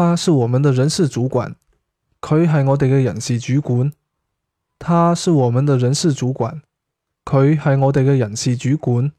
他是我們的人事主管，佢係我哋嘅人事主管。他是我們的人事主管，佢係我哋嘅人事主管。